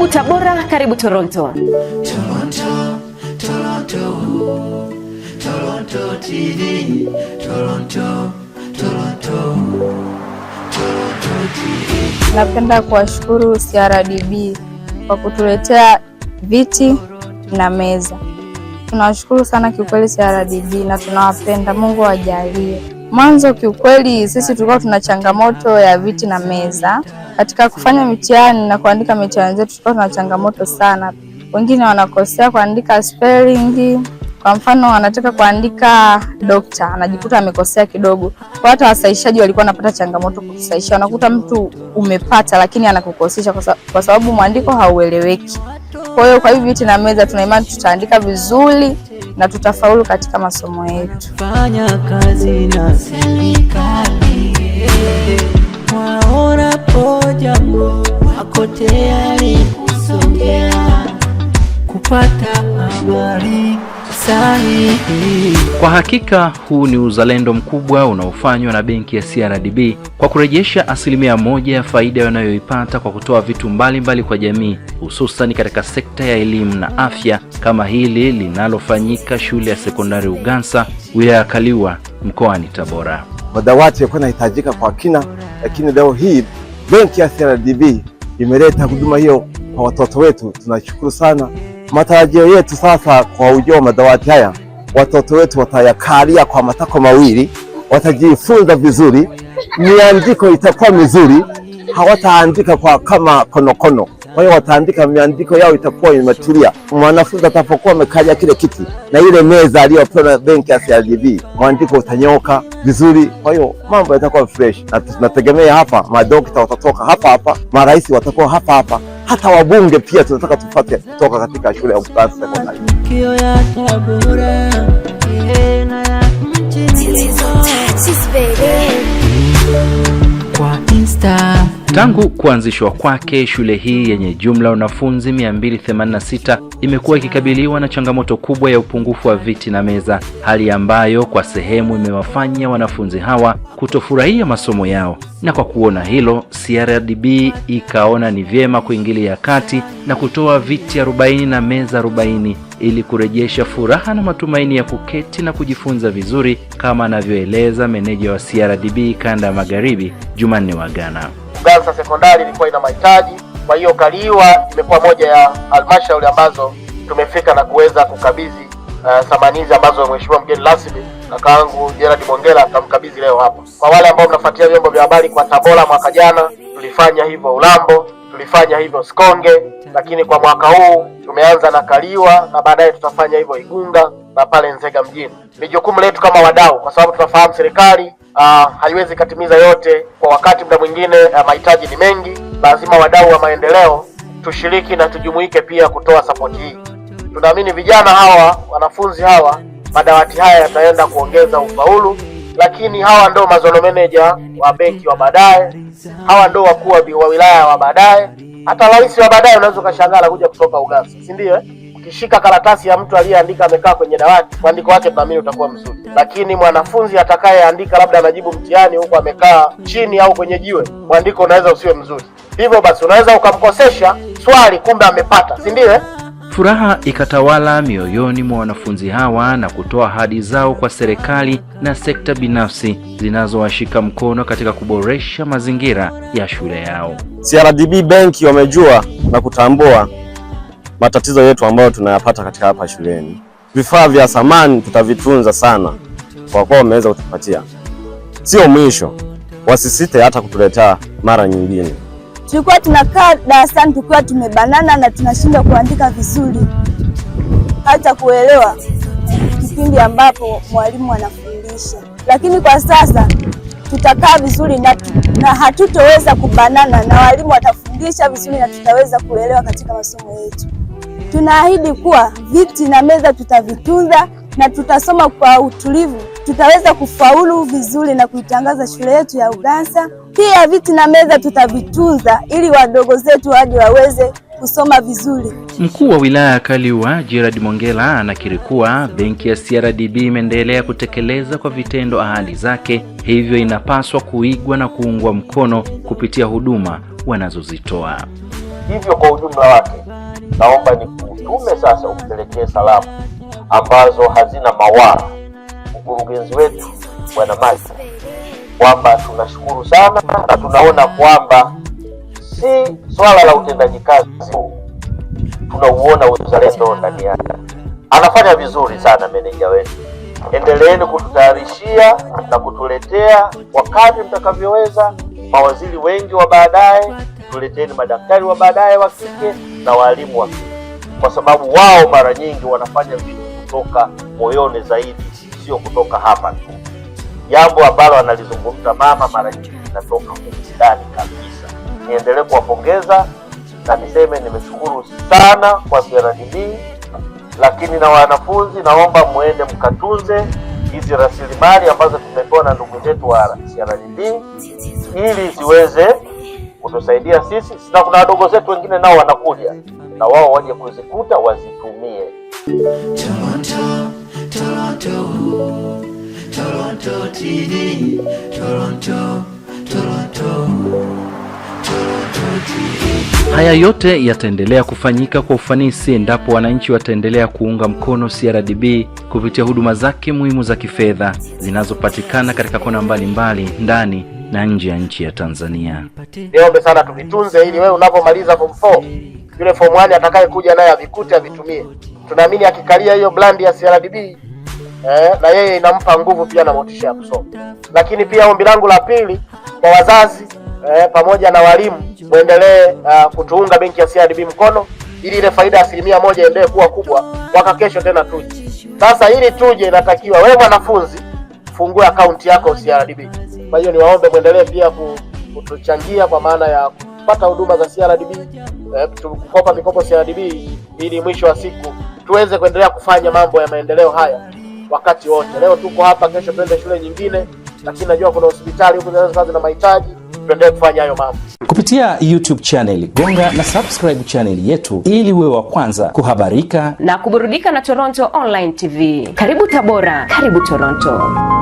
Karibu Tabora, karibu Toronto. Toronto, Toronto, Toronto TV, Toronto, Toronto, Toronto TV. Napenda kuwashukuru CRDB kwa kutuletea viti na meza. Tunawashukuru sana kiukweli CRDB na tunawapenda. Mungu awajalie. Mwanzo kiukweli, sisi tulikuwa tuna changamoto ya viti na meza katika kufanya mitihani na kuandika mitihani zetu, tulikuwa tuna changamoto sana. Wengine wanakosea kuandika spelling, kwa mfano anataka kuandika dokta, anajikuta amekosea kidogo. Kwa hata wasaishaji walikuwa wanapata changamoto kusaisha, unakuta mtu umepata, lakini anakukosesha kwa sababu mwandiko haueleweki. Kwa hiyo kwa hivi viti na meza, tunaimani tutaandika vizuri na tutafaulu katika masomo yetu. Fanya kazi na serikali, eh. waona jambo wako tayari kusongea kupata habari sahihi. Kwa hakika huu ni uzalendo mkubwa unaofanywa na benki ya CRDB kwa kurejesha asilimia moja ya faida wanayoipata kwa kutoa vitu mbalimbali mbali kwa jamii, hususan katika sekta ya elimu na afya, kama hili linalofanyika shule ya sekondari Ugansa, wilaya ya Kaliua, mkoani Tabora. Madawati yalikuwa yanahitajika kwa kina, lakini leo hii benki ya CRDB imeleta huduma hiyo kwa watoto wetu. Tunashukuru sana matarajio yetu sasa kwa ujio wa madawati haya, watoto wetu watayakalia kwa matako mawili, watajifunza vizuri, miandiko itakuwa mizuri, hawataandika kwa kama konokono. Kwa hiyo wataandika miandiko yao itakuwa imetulia. Mwanafunzi atapokuwa amekalia kile kiti na ile meza aliyopewa na benki ya CRDB, mwandiko utanyoka vizuri. Kwa hiyo mambo yatakuwa fresh, na tunategemea hapa madokta watatoka hapa hapa, marais watakuwa hapa hapa hata wabunge pia tunataka tupate kutoka katika shule ya Mkasa Sekondari. Tangu kuanzishwa kwake, shule hii yenye jumla wanafunzi 286 imekuwa ikikabiliwa na changamoto kubwa ya upungufu wa viti na meza, hali ambayo kwa sehemu imewafanya wanafunzi hawa kutofurahia masomo yao. Na kwa kuona hilo, CRDB ikaona ni vyema kuingilia kati na kutoa viti 40 na meza 40 ili kurejesha furaha na matumaini ya kuketi na kujifunza vizuri, kama anavyoeleza meneja wa CRDB kanda ya magharibi Jumanne wa Ghana. Ugansa sekondari ilikuwa ina mahitaji, kwa hiyo Kaliua imekuwa moja ya halmashauri ambazo tumefika na kuweza kukabidhi uh, thamani hizi ambazo mheshimiwa mgeni rasmi kaka yangu Gerard Mongela atamkabidhi leo hapa. Kwa wale ambao mnafuatilia vyombo vya habari, kwa Tabora mwaka jana tulifanya hivyo Ulambo tulifanya hivyo Sikonge, lakini kwa mwaka huu tumeanza na Kaliwa na baadaye tutafanya hivyo Igunga na pale Nzega mjini. Ni jukumu letu kama wadau, kwa sababu tunafahamu serikali uh, haiwezi ikatimiza yote kwa wakati. Muda mwingine uh, mahitaji ni mengi, lazima wadau wa maendeleo tushiriki na tujumuike pia kutoa sapoti hii. Tunaamini vijana hawa, wanafunzi hawa, madawati haya yataenda kuongeza ufaulu lakini hawa ndo mazono meneja wa benki wa baadaye, hawa ndo wakuu wa wilaya wa baadaye, hata rais wa baadaye. Unaweza ukashangaa kuja kutoka Ugasa, si ndio? Ukishika karatasi ya mtu aliyeandika amekaa kwenye dawati, mwandiko wake naamini utakuwa mzuri, lakini mwanafunzi atakayeandika labda anajibu mtihani huko amekaa chini au kwenye jiwe, mwandiko unaweza usiwe mzuri. Hivyo basi unaweza ukamkosesha swali, kumbe amepata, si ndio? Furaha ikatawala mioyoni mwa wanafunzi hawa na kutoa ahadi zao kwa serikali na sekta binafsi zinazowashika mkono katika kuboresha mazingira ya shule yao. CRDB benki wamejua na kutambua matatizo yetu ambayo tunayapata katika hapa shuleni. Vifaa vya samani tutavitunza sana kwa kuwa wameweza kutupatia, sio mwisho, wasisite hata kutuletea mara nyingine tulikuwa tunakaa darasani tukiwa tumebanana na tunashindwa kuandika vizuri, hata kuelewa kipindi ambapo mwalimu anafundisha. Lakini kwa sasa tutakaa vizuri na, na hatutoweza kubanana na walimu watafundisha vizuri na tutaweza kuelewa katika masomo yetu. Tunaahidi kuwa viti na meza tutavitunza na tutasoma kwa utulivu tutaweza kufaulu vizuri na kuitangaza shule yetu ya Ugansa. Pia viti na meza tutavitunza ili wadogo zetu waje waweze kusoma vizuri. Mkuu wa wilaya ya Kaliua Gerard Mongela anakiri kuwa benki ya CRDB imeendelea kutekeleza kwa vitendo ahadi zake, hivyo inapaswa kuigwa na kuungwa mkono kupitia huduma wanazozitoa. Hivyo kwa ujumla wake, naomba ni nikuutume sasa umpelekee salamu ambazo hazina mawaa mkurugenzi wetu Bwana Masi kwamba tunashukuru sana na tunaona kwamba si swala la utendaji kazi, tunauona uzalendo ndani yake. Anafanya vizuri sana meneja wetu. Endeleeni kututayarishia na kutuletea wakati mtakavyoweza mawaziri wengi wa baadaye, tuleteni madaktari wa baadaye wa kike na waalimu wa kike, kwa sababu wao mara nyingi wanafanya vitu kutoka moyoni zaidi sio kutoka hapa tu. Jambo ambalo analizungumza mama mara nyingi linatoka huku ndani kabisa. Niendelee kuwapongeza na niseme nimeshukuru sana kwa CRDB, lakini na wanafunzi, naomba muende mkatunze hizi rasilimali ambazo tumepewa na ndugu zetu wa CRDB ili ziweze kutusaidia sisi na kuna wadogo zetu wengine nao wanakuja, na wao waje kuzikuta wazitumie. Toronto, Toronto TV, Toronto, Toronto, Toronto TV. Haya yote yataendelea kufanyika kwa ufanisi endapo wananchi wataendelea kuunga mkono CRDB kupitia huduma zake muhimu za kifedha zinazopatikana katika kona mbalimbali ndani na nje ya nchi ya Tanzania. Niombe sana tuvitunze, ili wewe unapomaliza form 4 yule form 1 atakayekuja naye avikute, avitumie. Tunaamini akikalia hiyo brand ya CRDB eh, na yeye inampa nguvu pia na motisha ya kusoma. Lakini pia ombi langu la pili kwa wazazi eh, pamoja na walimu, muendelee uh, ah, kutuunga benki ya CRDB mkono ili ile faida ya asilimia moja endelee kuwa kubwa. mpaka kesho tena tuje. Sasa ili tuje, inatakiwa wewe mwanafunzi fungue akaunti yako CRDB. Kwa hiyo niwaombe mwendelee pia kutuchangia kwa maana ya kupata huduma za CRDB eh, kukopa mikopo CRDB ili mwisho wa siku tuweze kuendelea kufanya mambo ya maendeleo haya wakati wote. Leo tuko hapa, kesho twende shule nyingine, lakini najua kuna hospitali huku zinazo zina mahitaji tuendelee kufanya hayo mambo kupitia YouTube channel. Gonga na subscribe channel yetu ili uwe wa kwanza kuhabarika na kuburudika na Toronto Online TV. Karibu Tabora, karibu Toronto.